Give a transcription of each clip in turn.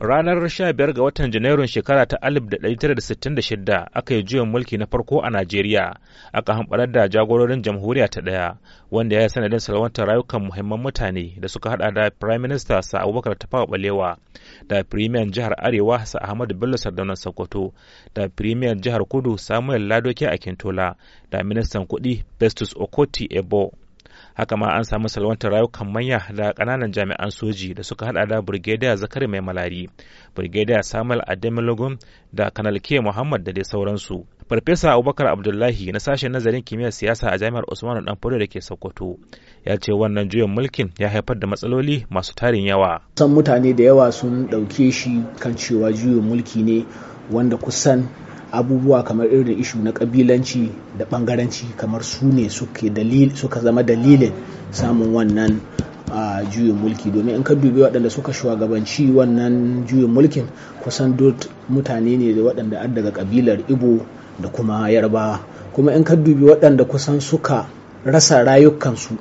Ranar 15 ga watan Janairun shekara ta 1966 aka yi juyin mulki na farko a Najeriya, aka hamɓarar da jagororin jamhuriya ta ɗaya, wanda ya yi sanadin salwantar rayukan muhimman mutane da suka hada da Prime Minister Sa Abubakar Tafawa Balewa, da Premier Jihar Arewa Sa Ahmadu Bello Sardaunan Sokoto, da Premier Jihar Kudu Samuel Ladoke Akintola, da Ministan Kuɗi Festus Okoti Ebo. haka ma an samu salwantar rayukan manya da kananan jami'an soji da suka hada da brigadier zakari mai malari brigadier samuel ademilogun da kanal k muhammad da dai sauransu farfesa abubakar abdullahi na sashen nazarin kimiyyar siyasa a jami'ar usmanu danfodiyo da ke sokoto ya ce wannan juyin mulkin ya haifar da matsaloli masu tarin yawa san mutane da yawa sun ɗauke shi kan cewa juyin mulki ne wanda kusan abubuwa kamar irin ishu na kabilanci da bangaranci kamar su ne suka zama dalilin samun wannan juyin mulki domin in ka dubi waɗanda suka shugabanci wannan juyin mulkin kusan duk mutane ne da waɗanda an daga kabilar ibo da kuma yarbawa kuma in ka dubi waɗanda kusan suka rasa rayukansu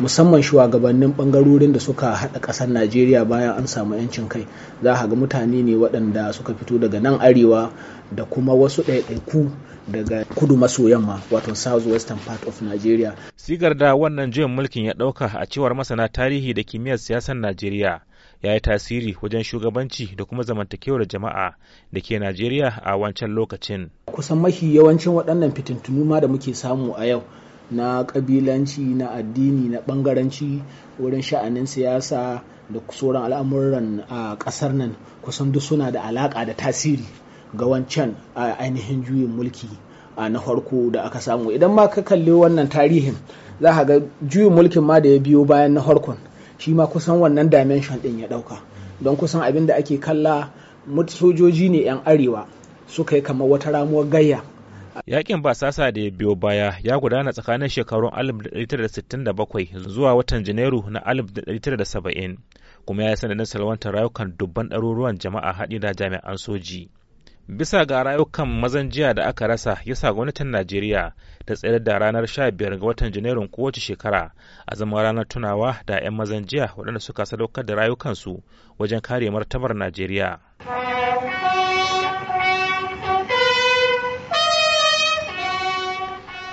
musamman shugabannin bangarorin da suka haɗa ƙasar najeriya bayan an samu 'yancin kai za a ga mutane ne waɗanda suka fito daga nan arewa da kuma wasu ɗaiɗaiku daga kudu maso yamma wato south western part of nigeria sigar da wannan juyin mulkin ya ɗauka a cewar masana tarihi da kimiyyar siyasar najeriya ya yi tasiri wajen shugabanci da kuma zamantakewar jama'a da ke najeriya a wancan lokacin kusan mafi yawancin waɗannan fitintunu ma da muke samu a yau na kabilanci na addini na bangaranci wurin sha'anin siyasa da sauran al'amuran a kasar nan kusan duk suna da alaka da tasiri ga wancan a ainihin juyin mulki na farko da aka samu idan ma ka kalli wannan tarihin za ka ga juyin mulkin ma da ya biyo bayan na farkon shi ma kusan wannan dimension din ya ɗauka don kusan abin da ake kalla sojoji ne 'yan arewa suka yi kamar wata ramuwar gayya Yakin basasa da ya biyo baya ya gudana tsakanin shekarun 1967 zuwa watan Janairu na 1970 kuma ya yi sanadin salwantar rayukan dubban ɗaruruwan jama'a haɗi da jami'an soji. Bisa ga rayukan mazan jiya da aka rasa ya sa gwamnatin Najeriya ta tsere da ranar 15 ga watan Janairun kowace shekara a zama ranar tunawa da 'yan mazan jiya waɗanda suka sadaukar da rayukansu wajen kare martabar Najeriya.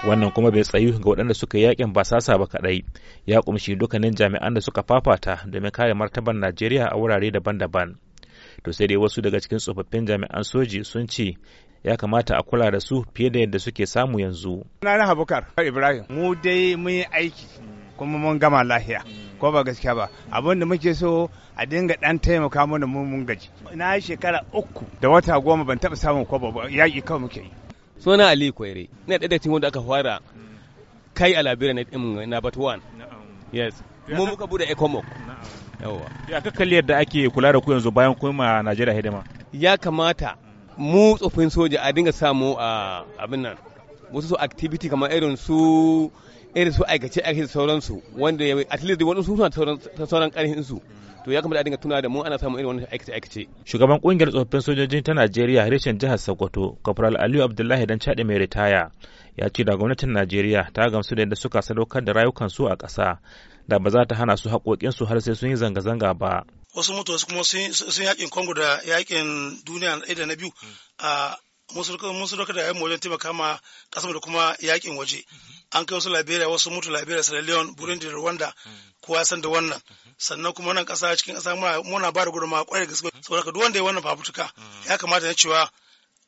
wannan kuma bai tsayu ga waɗanda suka yakin basasa ba kaɗai ya kumshi dukkanin jami'an da suka fafata domin kare martaban najeriya a wurare daban-daban to sai dai wasu daga cikin tsofaffin jami'an soji sun ce ya kamata a kula da su fiye da yadda suke samu yanzu na habukar ibrahim mu dai mun yi aiki kuma mun gama lahiya ko ba gaskiya ba abin da muke so a dinga dan taimaka mana mun gaji na shekara uku da wata goma ban taba samun ko ba yaƙi kawai muke yi suna ali kwaire na ɗaya da cikin wanda aka fara kai a labira na na bat one yes mu muka bude ecomog yawa ya ka kalli yadda ake kula da ku yanzu bayan ma najeriya hidima ya kamata mu tsofin soja a dinga samu a abin nan wasu su activity kamar irin su irin su aikace aikace sauransu wanda ya at least wani su suna sauran karhin su to ya kamata a dinga tuna da mu ana samun irin wani aikace aikace shugaban kungiyar tsofaffin sojojin ta Najeriya reshen jihar Sokoto Corporal Aliyu Abdullahi dan Chade mai ritaya ya ce da gwamnatin Najeriya ta gamsu da yadda suka sadaukar da rayukan su a ƙasa da ba za ta hana su su har sai sun yi zanga-zanga ba wasu mutuwa kuma sun yakin Congo da yakin duniya na biyu hmm. a mun su da yamma wajen taimaka ma kasar da kuma yakin waje an kai wasu liberia wasu mutu liberia sierra leone burundi da rwanda kowa san da wannan sannan kuma nan kasa cikin kasa muna ba da ma kwarai gaske saboda ka wanda ya wannan fafutuka ya kamata na cewa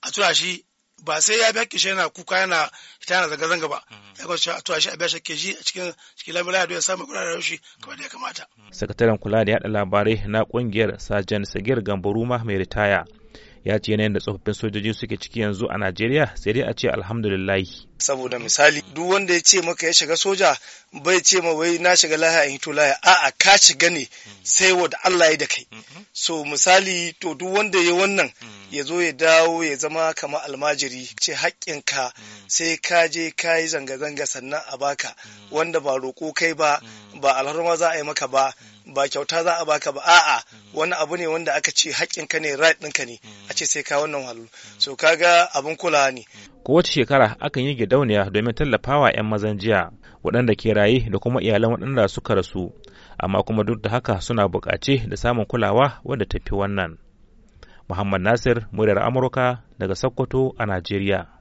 a tura shi ba sai ya biya kishe yana kuka yana ita yana zanga-zanga ba ya kwanci a tura shi a biya shakke ji a cikin cikin lamarin ya samu kula da yaushe kamar da ya kamata. sakataren kula da yada labarai na kungiyar sajan sagir gambaruma mai ritaya ya ce yanayin da tsofaffin sojoji suke ciki yanzu a Najeriya sai dai a ce alhamdulillahi. Saboda misali duk wanda ya ce maka ya shiga soja bai ce ma wai na shiga lahiya in hito lahiya a'a ka shiga ne sai wa da Allah ya da kai. So misali to duk wanda ya wannan ya zo ya dawo ya zama kamar almajiri ce ka, sai ka je ka yi zanga-zanga sannan a baka wanda ba roƙo kai ba ba alharma za a yi maka ba ba kyauta za a baka ba a'a mm. wani abu ne wanda aka ce haƙƙinka ne right ɗinka ne mm. a ce sai ka wannan halu mm. so ga abun kula ne kowace shekara akan yi gidauniya domin tallafawa 'yan mazan jiya waɗanda ke raye da kuma iyalan waɗanda suka rasu amma kuma duk da haka suna buƙace da samun kulawa wadda tafi wannan muhammad nasir muryar amurka daga sokoto a najeriya